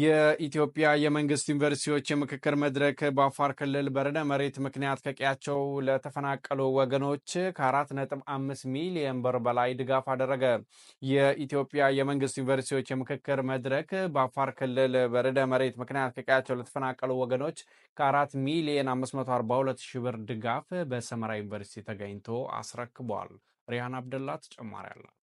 የኢትዮጵያ የመንግስት ዩኒቨርሲቲዎች የምክክር መድረክ በአፋር ክልል በርዕደ መሬት ምክንያት ከቀያቸው ለተፈናቀሉ ወገኖች ከ4.5 ሚሊዮን ብር በላይ ድጋፍ አደረገ። የኢትዮጵያ የመንግስት ዩኒቨርሲቲዎች የምክክር መድረክ በአፋር ክልል በርዕደ መሬት ምክንያት ከቀያቸው ለተፈናቀሉ ወገኖች ከ4 ሚሊዮን 542 ሺህ ብር ድጋፍ በሰመራ ዩኒቨርሲቲ ተገኝቶ አስረክቧል። ሪሃን አብደላ ተጨማሪ አላት።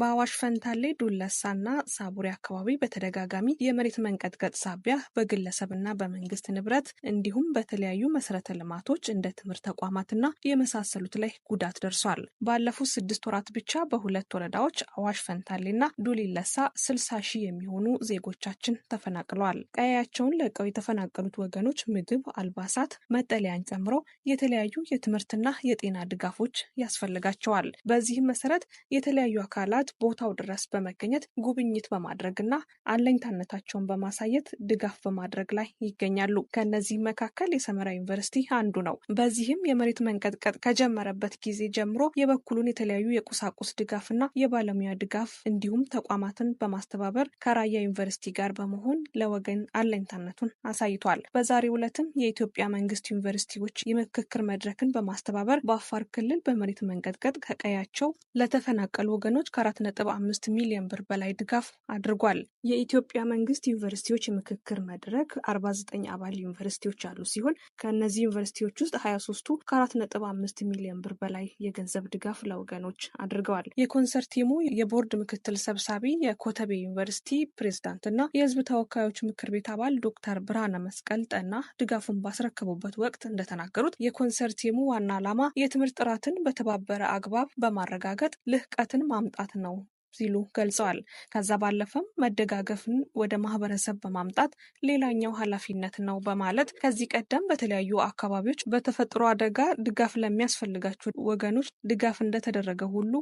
በአዋሽ ፈንታሌ ዱለሳና ሳቡሪ አካባቢ በተደጋጋሚ የመሬት መንቀጥቀጥ ሳቢያ በግለሰብና በመንግስት ንብረት እንዲሁም በተለያዩ መሰረተ ልማቶች እንደ ትምህርት ተቋማትና የመሳሰሉት ላይ ጉዳት ደርሷል። ባለፉት ስድስት ወራት ብቻ በሁለት ወረዳዎች አዋሽ ፈንታሌና ዱሊለሳ ስልሳ ሺህ የሚሆኑ ዜጎቻችን ተፈናቅለዋል። ቀያቸውን ለቀው የተፈናቀሉት ወገኖች ምግብ፣ አልባሳት፣ መጠለያን ጨምሮ የተለያዩ የትምህርትና የጤና ድጋፎች ያስፈልጋቸዋል። በዚህም መሰረት የተለያዩ አካላት በቅርበት ቦታው ድረስ በመገኘት ጉብኝት በማድረግና አለኝታነታቸውን በማሳየት ድጋፍ በማድረግ ላይ ይገኛሉ። ከእነዚህ መካከል የሰመራ ዩኒቨርሲቲ አንዱ ነው። በዚህም የመሬት መንቀጥቀጥ ከጀመረበት ጊዜ ጀምሮ የበኩሉን የተለያዩ የቁሳቁስ ድጋፍና የባለሙያ ድጋፍ እንዲሁም ተቋማትን በማስተባበር ከራያ ዩኒቨርሲቲ ጋር በመሆን ለወገን አለኝታነቱን አሳይቷል። በዛሬው ዕለትም የኢትዮጵያ መንግስት ዩኒቨርሲቲዎች የምክክር መድረክን በማስተባበር በአፋር ክልል በመሬት መንቀጥቀጥ ከቀያቸው ለተፈናቀሉ ወገኖች ከአራት ከአራት ሚሊዮን ብር በላይ ድጋፍ አድርጓል። የኢትዮጵያ መንግስት ዩኒቨርሲቲዎች የምክክር መድረክ 49 አባል ዩኒቨርሲቲዎች ያሉ ሲሆን ከእነዚህ ዩኒቨርሲቲዎች ውስጥ 23 ቱ ከ4.5 ሚሊዮን ብር በላይ የገንዘብ ድጋፍ ለወገኖች አድርገዋል። የኮንሰርት ቲሙ የቦርድ ምክትል ሰብሳቢ፣ የኮተቤ ዩኒቨርሲቲ ፕሬዝዳንት እና የህዝብ ተወካዮች ምክር ቤት አባል ዶክተር ብርሃነ መስቀል ጠና ድጋፉን ባስረከቡበት ወቅት እንደተናገሩት የኮንሰርት ቲሙ ዋና ዓላማ የትምህርት ጥራትን በተባበረ አግባብ በማረጋገጥ ልህቀትን ማምጣት ነው ሲሉ ገልጸዋል። ከዛ ባለፈም መደጋገፍን ወደ ማህበረሰብ በማምጣት ሌላኛው ኃላፊነት ነው በማለት ከዚህ ቀደም በተለያዩ አካባቢዎች በተፈጥሮ አደጋ ድጋፍ ለሚያስፈልጋቸው ወገኖች ድጋፍ እንደተደረገ ሁሉ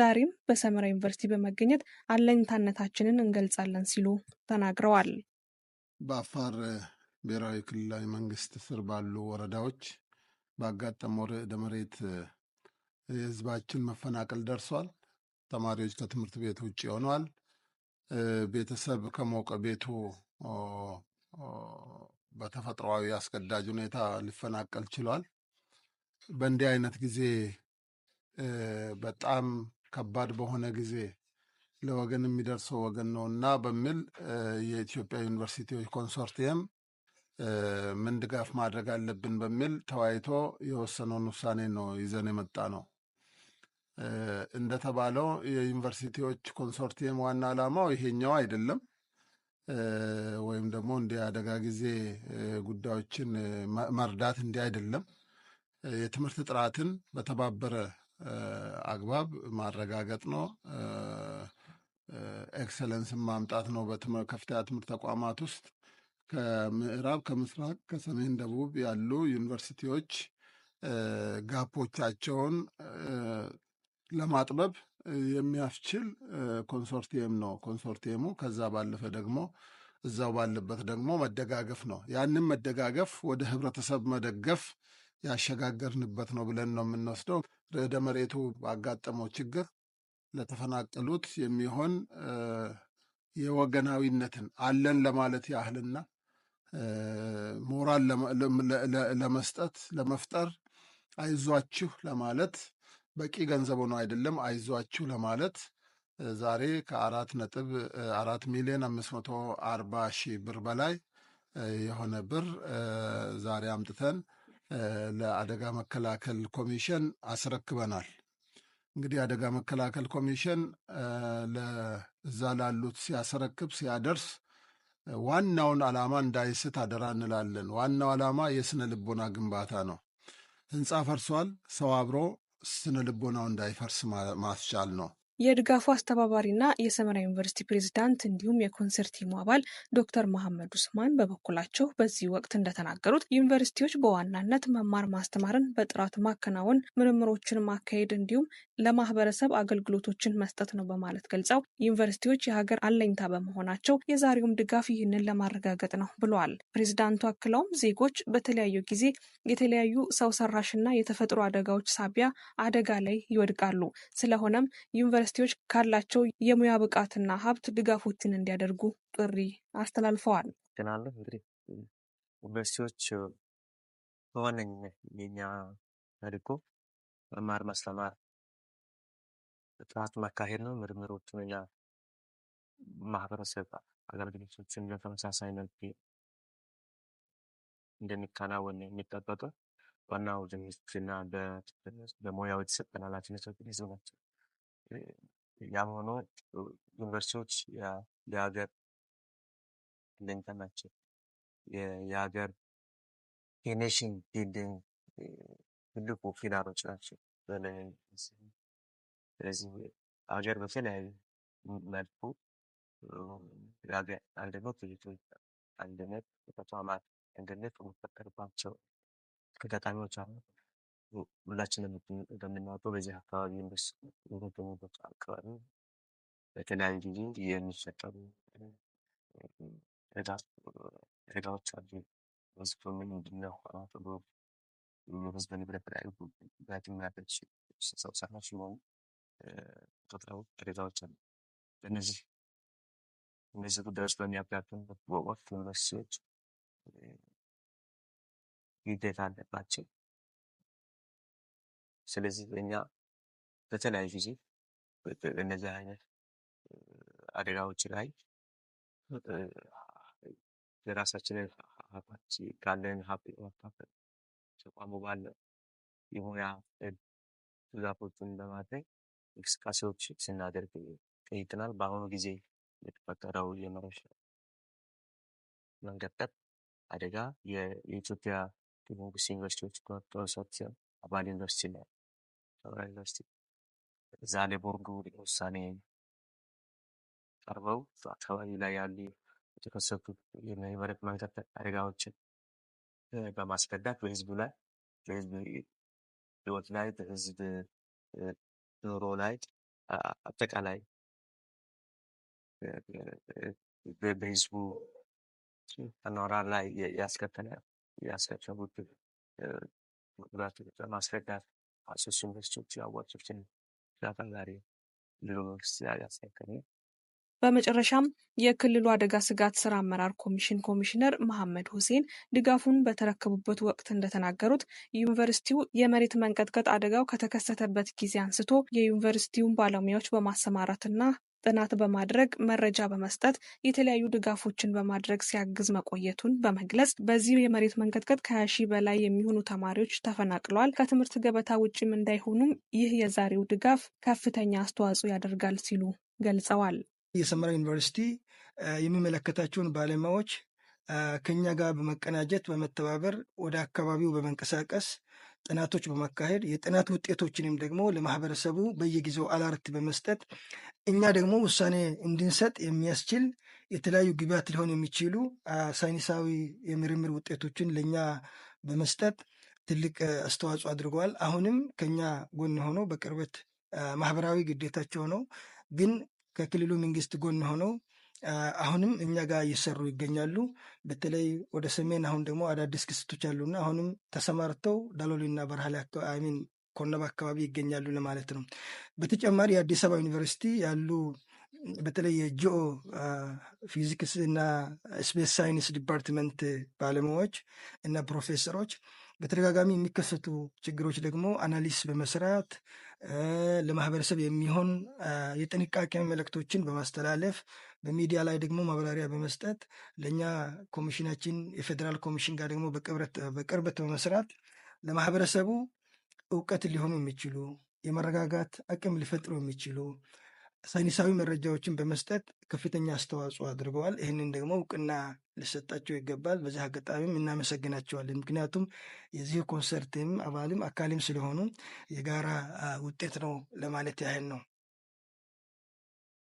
ዛሬም በሰመራ ዩኒቨርሲቲ በመገኘት አለኝታነታችንን እንገልጻለን ሲሉ ተናግረዋል። በአፋር ብሔራዊ ክልላዊ መንግስት ስር ባሉ ወረዳዎች ባጋጠመው ርዕደ መሬት የህዝባችን መፈናቀል ደርሷል። ተማሪዎች ከትምህርት ቤት ውጭ ሆኗል። ቤተሰብ ከሞቀ ቤቱ በተፈጥሯዊ አስገዳጅ ሁኔታ ሊፈናቀል ችሏል። በእንዲህ አይነት ጊዜ በጣም ከባድ በሆነ ጊዜ ለወገን የሚደርሰው ወገን ነው እና በሚል የኢትዮጵያ ዩኒቨርሲቲዎች ኮንሶርቲየም ምን ድጋፍ ማድረግ አለብን በሚል ተወያይቶ የወሰነውን ውሳኔ ነው ይዘን የመጣ ነው። እንደተባለው የዩኒቨርሲቲዎች ኮንሶርቲየም ዋና ዓላማው ይሄኛው አይደለም፣ ወይም ደግሞ እንደ አደጋ ጊዜ ጉዳዮችን መርዳት እንዲህ አይደለም። የትምህርት ጥራትን በተባበረ አግባብ ማረጋገጥ ነው፣ ኤክሰለንስን ማምጣት ነው። በከፍተኛ ትምህርት ተቋማት ውስጥ ከምዕራብ፣ ከምስራቅ፣ ከሰሜን፣ ደቡብ ያሉ ዩኒቨርሲቲዎች ጋፖቻቸውን ለማጥበብ የሚያስችል ኮንሶርቲየም ነው። ኮንሶርቲየሙ ከዛ ባለፈ ደግሞ እዛው ባለበት ደግሞ መደጋገፍ ነው። ያንን መደጋገፍ ወደ ህብረተሰብ መደገፍ ያሸጋገርንበት ነው ብለን ነው የምንወስደው። ርዕደ መሬቱ ባጋጠመው ችግር ለተፈናቀሉት የሚሆን የወገናዊነትን አለን ለማለት ያህልና ሞራል ለመስጠት ለመፍጠር አይዟችሁ ለማለት በቂ ገንዘብ ሆኖ አይደለም አይዟችሁ ለማለት ዛሬ ከአራት ነጥብ አራት ሚሊዮን አምስት መቶ አርባ ሺህ ብር በላይ የሆነ ብር ዛሬ አምጥተን ለአደጋ መከላከል ኮሚሽን አስረክበናል። እንግዲህ አደጋ መከላከል ኮሚሽን ለዛ ላሉት ሲያስረክብ ሲያደርስ ዋናውን ዓላማ እንዳይስት አደራ እንላለን። ዋናው ዓላማ የስነ ልቦና ግንባታ ነው። ህንፃ ፈርሷል፣ ሰው አብሮ ስነ ልቦናው እንዳይፈርስ ማስቻል ነው። የድጋፉ አስተባባሪና የሰመራ ዩኒቨርሲቲ ፕሬዚዳንት እንዲሁም የኮንሰርት ቲሙ አባል ዶክተር መሐመድ ኡስማን በበኩላቸው በዚህ ወቅት እንደተናገሩት ዩኒቨርሲቲዎች በዋናነት መማር ማስተማርን በጥራት ማከናወን፣ ምርምሮችን ማካሄድ እንዲሁም ለማህበረሰብ አገልግሎቶችን መስጠት ነው በማለት ገልጸው ዩኒቨርሲቲዎች የሀገር አለኝታ በመሆናቸው የዛሬውም ድጋፍ ይህንን ለማረጋገጥ ነው ብለዋል። ፕሬዚዳንቱ አክለውም ዜጎች በተለያዩ ጊዜ የተለያዩ ሰው ሰራሽና የተፈጥሮ አደጋዎች ሳቢያ አደጋ ላይ ይወድቃሉ። ስለሆነም ዩኒቨርሲቲዎች ካላቸው የሙያ ብቃትና ሀብት ድጋፎችን እንዲያደርጉ ጥሪ አስተላልፈዋል። እንግዲህ ዩኒቨርሲቲዎች በዋነኝነት የኛ ተልዕኮ መማር ማስተማር ጥናት ማካሄድ ነው። ምርምሮችን እና ማህበረሰብ አገልግሎቶችን በተመሳሳይ መልክ እንደሚከናወን የሚጠበቀ ዋናው ዝግጅትና በሙያው የተሰጠን ኃላፊነቶች ይዞ ናቸው። ያም ሆኖ ዩኒቨርሲቲዎች የሀገር ልንተ ናቸው። የሀገር የኔሽን ቢልዲንግ ትልቁ ፊላሮች ናቸው። ስለዚህ ሀገር በተለያዩ መልኩ አንድነት አንድነት የተቋማት አንድነት የሚፈጠርባቸው አጋጣሚዎች አሉ። ሁላችንም እንደምናውቀው በዚህ አካባቢ የሚገኙበት አካባቢ በተለያዩ ጊዜ የሚፈጠሩ አደጋዎች አሉ። ህዝብ ምን እንድናሆነ ህዝብ በተለያዩ ጉዳት የሚያደርሱ ሰው ሰራሽ የሆኑ ተፈጥሮ ቅሬታዎች አሉ። በእነዚህ እነዚህ ጉዳዮች በሚያጋጥሙበት ወቅት ዩኒቨርሲቲዎች ግዴታ አለባቸው። ስለዚህ በእኛ በተለያዩ ጊዜ እነዚህ አይነት አደጋዎች ላይ የራሳችንን ሀብት ካለን ሀብት ተቋሙ ባለ የሙያ ድጋፎችን በማድረግ እንቅስቃሴዎች ስናደርግ ቆይተናል። በአሁኑ ጊዜ የተፈጠረው የመሬት መንቀጥቀጥ አደጋ የኢትዮጵያ መንግስት ዩኒቨርሲቲዎች ኮንሶርቲየም አባል ዩኒቨርሲቲ ነው። ተወራ ዩኒቨርሲቲ ዛሌ ቦርዱ ውሳኔ ቀርበው አካባቢ ላይ ያሉ የተከሰቱ የመሬት መንቀጥቀጥ አደጋዎችን በማስረዳት በህዝቡ ላይ በህዝብ ህይወት ላይ በህዝብ ኑሮ ላይ አጠቃላይ በህዝቡ አኗኗር ላይ ያስከተለ ያስከተሉት ጉዳቶች ለማስረዳት ሶስት ዩኒቨርሲቲዎች የአዋጆችን ተወዳዳሪ መንግስት ያሳከለ በመጨረሻም የክልሉ አደጋ ስጋት ስራ አመራር ኮሚሽን ኮሚሽነር መሐመድ ሁሴን ድጋፉን በተረከቡበት ወቅት እንደተናገሩት ዩኒቨርሲቲው የመሬት መንቀጥቀጥ አደጋው ከተከሰተበት ጊዜ አንስቶ የዩኒቨርሲቲውን ባለሙያዎች በማሰማራትና ጥናት በማድረግ መረጃ በመስጠት የተለያዩ ድጋፎችን በማድረግ ሲያግዝ መቆየቱን በመግለጽ በዚህ የመሬት መንቀጥቀጥ ከሀያ ሺህ በላይ የሚሆኑ ተማሪዎች ተፈናቅለዋል፣ ከትምህርት ገበታ ውጭም እንዳይሆኑም ይህ የዛሬው ድጋፍ ከፍተኛ አስተዋጽኦ ያደርጋል ሲሉ ገልጸዋል። የሰመራ ዩኒቨርሲቲ የሚመለከታቸውን ባለሙያዎች ከኛ ጋር በመቀናጀት በመተባበር ወደ አካባቢው በመንቀሳቀስ ጥናቶች በማካሄድ የጥናት ውጤቶችንም ደግሞ ለማህበረሰቡ በየጊዜው አላርት በመስጠት እኛ ደግሞ ውሳኔ እንድንሰጥ የሚያስችል የተለያዩ ግብዓት ሊሆን የሚችሉ ሳይንሳዊ የምርምር ውጤቶችን ለእኛ በመስጠት ትልቅ አስተዋጽኦ አድርገዋል። አሁንም ከኛ ጎን ሆኖ በቅርበት ማህበራዊ ግዴታቸው ነው ግን ከክልሉ መንግስት ጎን ሆነው አሁንም እኛ ጋር እየሰሩ ይገኛሉ። በተለይ ወደ ሰሜን አሁን ደግሞ አዳዲስ ክስቶች አሉና አሁንም ተሰማርተው ዳሎሊና በርሃሌ አሚን ኮነባ አካባቢ ይገኛሉ ለማለት ነው። በተጨማሪ የአዲስ አበባ ዩኒቨርሲቲ ያሉ በተለይ የጂኦ ፊዚክስ እና ስፔስ ሳይንስ ዲፓርትመንት ባለሙያዎች እና ፕሮፌሰሮች በተደጋጋሚ የሚከሰቱ ችግሮች ደግሞ አናሊስ በመስራት ለማህበረሰብ የሚሆን የጥንቃቄ መልእክቶችን በማስተላለፍ በሚዲያ ላይ ደግሞ ማብራሪያ በመስጠት ለእኛ ኮሚሽናችን የፌዴራል ኮሚሽን ጋር ደግሞ በቅርበት በመስራት ለማህበረሰቡ እውቀት ሊሆኑ የሚችሉ የመረጋጋት አቅም ሊፈጥሩ የሚችሉ ሳይንሳዊ መረጃዎችን በመስጠት ከፍተኛ አስተዋጽኦ አድርገዋል። ይህንን ደግሞ እውቅና ሊሰጣቸው ይገባል። በዚህ አጋጣሚም እናመሰግናቸዋለን። ምክንያቱም የዚህ ኮንሰርትም አባልም አካልም ስለሆኑ የጋራ ውጤት ነው ለማለት ያህል ነው።